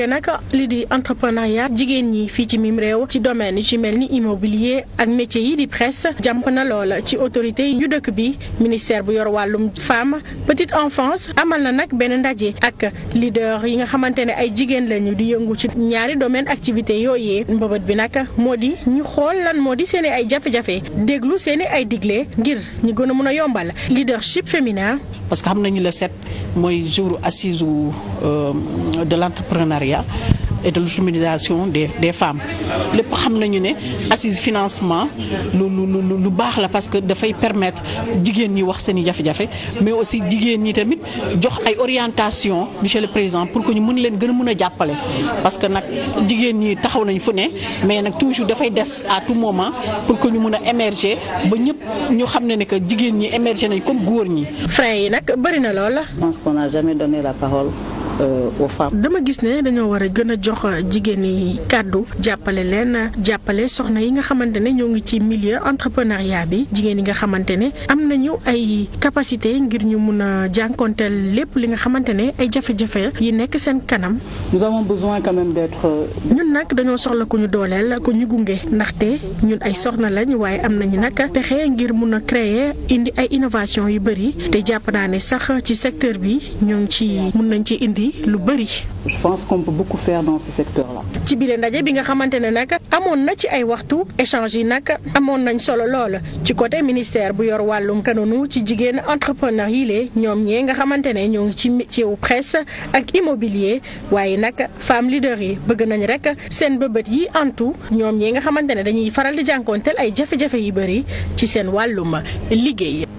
te nag li di entrepreneuriat jigéen ñi fii ci mim réew ci domaine yu ci mel ni immobilier ak métier yi di presse jàmp na loola ci autorité yi ñu dëkk bi ministère bu yor wàllum femme petite enfance amal na nag benn ndaje ak leader yi nga xamante ne ay jigéen lañu di yëngu ci ñaari domaine activité yooyee mbëbët bi nag moo di ñu xool lan moo di seeni ay jafe-jafe déglu seeni ay digle ngir ñu gën a mën a yombal leadership féminin parce que xam nañu le 7 mooy jour assise euh, de l'entrepreneuriat et de des des femmes lépp xam nañu ne assis financement lu lu lu lu baax la parce que dafay permettre jigéen ñi wax seen i jafe-jafe mais aussi jigéen ñi tamit jox ay orientation monsieur le président pour que ñu mën leen gën a mun a jàppale parce que nag jigéen ñi taxaw nañ fu ne mais nag toujours dafay des à tout moment pour que ñu mun a émerger ba ñëpp ñu xam ne ne que jigéen ñi émerger nañ comme góor ñi. frein yi nag bëri na lool. Je pense qu'on n'a jamais donné la parole. Euh, aux dama gis ne dañoo war a gën a jox jigéen yi kàddu jàppale leen jàppale soxna yi nga xamante ne ñoo ngi ci milieu entrepreneuriat bi jigéen yi nga xamante ne am nañu ay capacité ngir ñu mun a jànkonteel lépp li nga xamante ne ay jafe-jafe yi nekk seen kanam. nous avons besoin quand euh, ñun nag dañoo soxla ku ñu dooleel ku ñu gunge ndaxte ñun ay soxna lañ waaye am nañu nag pexe ngir mun a créer indi ay innovation yu bëri te jàpp naa ne sax ci secteur bi ñoo ngi ci mun nañ ci lu bëri. je pense qu'on peut beaucoup ci bile ndaje bi nga xamante ne nag amoon na ci ay waxtu échange yi nag amoon nañ solo lool ci côté ministère bu yor wàllum kanunu ci jigéen entrepreneur yi lee ñoom ñee nga xamante ne ñoo ngi ci métier wu presse ak immobilier waaye nag femme leader yi bëgg nañu rek seen bëbët yi antu ñoom ñee nga xamante ne dañuy faral di jànkoonteel ay jafe-jafe yu bëri ci seen wàllum liggéey.